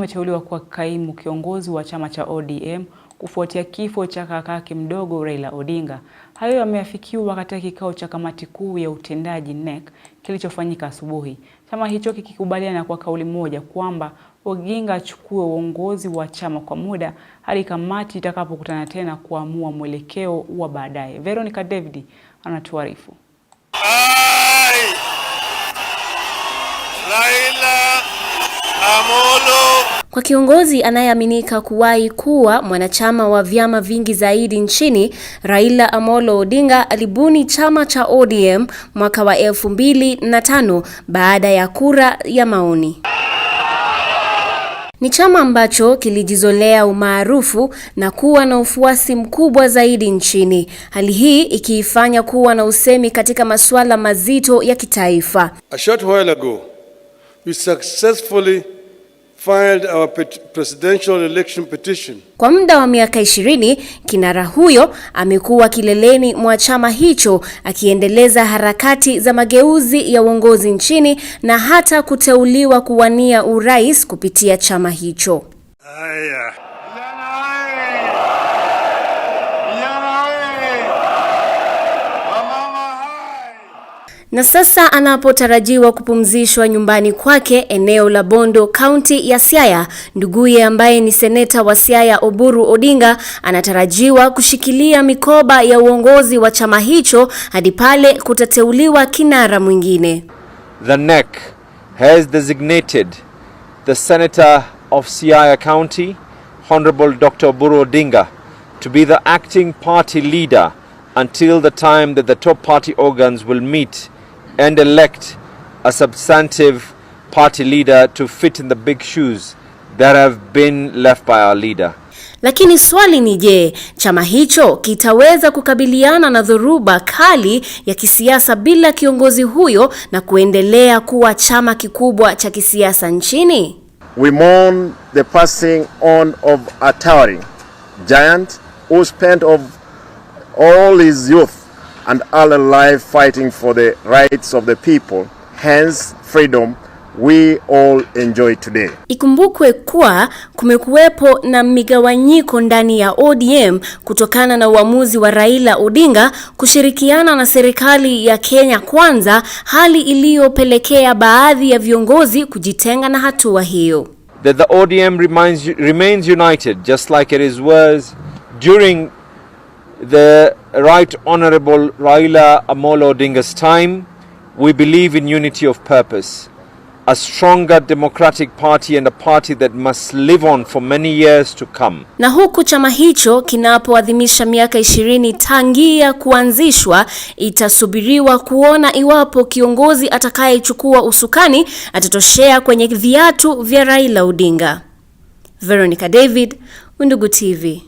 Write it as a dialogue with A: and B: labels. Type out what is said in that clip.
A: Ameteuliwa kuwa kaimu kiongozi wa chama cha ODM kufuatia kifo cha kakake mdogo Raila Odinga. Hayo yameafikiwa katika kikao cha kamati kuu ya utendaji NEC kilichofanyika asubuhi. Chama hicho kikikubaliana kwa kauli moja kwamba Odinga achukue uongozi wa chama kwa muda hadi kamati itakapokutana tena kuamua mwelekeo wa baadaye. Veronica David anatuarifu. Ah! Kwa kiongozi anayeaminika kuwahi kuwa mwanachama wa vyama vingi zaidi nchini, Raila Amolo Odinga alibuni chama cha ODM mwaka wa elfu mbili na tano baada ya kura ya maoni. Ni chama ambacho kilijizolea umaarufu na kuwa na ufuasi mkubwa zaidi nchini, hali hii ikiifanya kuwa na usemi katika masuala mazito ya kitaifa.
B: A short while ago, we successfully filed our presidential election petition.
A: Kwa muda wa miaka ishirini, kinara huyo amekuwa kileleni mwa chama hicho akiendeleza harakati za mageuzi ya uongozi nchini na hata kuteuliwa kuwania urais kupitia chama hicho.
B: Aya.
A: na sasa anapotarajiwa kupumzishwa nyumbani kwake eneo la Bondo, kaunti ya Siaya, nduguye ambaye ni seneta wa Siaya Oburu Odinga anatarajiwa kushikilia mikoba ya uongozi wa chama hicho hadi pale kutateuliwa kinara mwingine.
C: The NEC has designated the senator of Siaya County Honorable Dr. Oburu Odinga to be the acting party leader until the time that the top party organs will meet and elect a substantive party leader to fit in the big shoes that have been left by our leader.
A: Lakini swali ni je, chama hicho kitaweza kukabiliana na dhoruba kali ya kisiasa bila kiongozi huyo na kuendelea kuwa chama kikubwa cha kisiasa nchini?
B: We mourn the passing on of a towering giant who spent of all his youth and all alive fighting for the rights of the people, hence freedom we all enjoy today.
A: Ikumbukwe kuwa kumekuwepo na migawanyiko ndani ya ODM kutokana na uamuzi wa Raila Odinga kushirikiana na serikali ya Kenya Kwanza, hali iliyopelekea baadhi ya viongozi kujitenga na hatua hiyo.
C: That the ODM remains, remains united just like it is was during the Right Honorable Raila Amolo Odinga's time, we believe in unity of purpose, a stronger democratic party and a party that must live on for many years to come.
A: Na huku chama hicho kinapoadhimisha miaka ishirini tangia kuanzishwa, itasubiriwa kuona iwapo kiongozi atakayechukua usukani atatoshea kwenye viatu vya Raila Odinga. Veronica David, Undugu TV.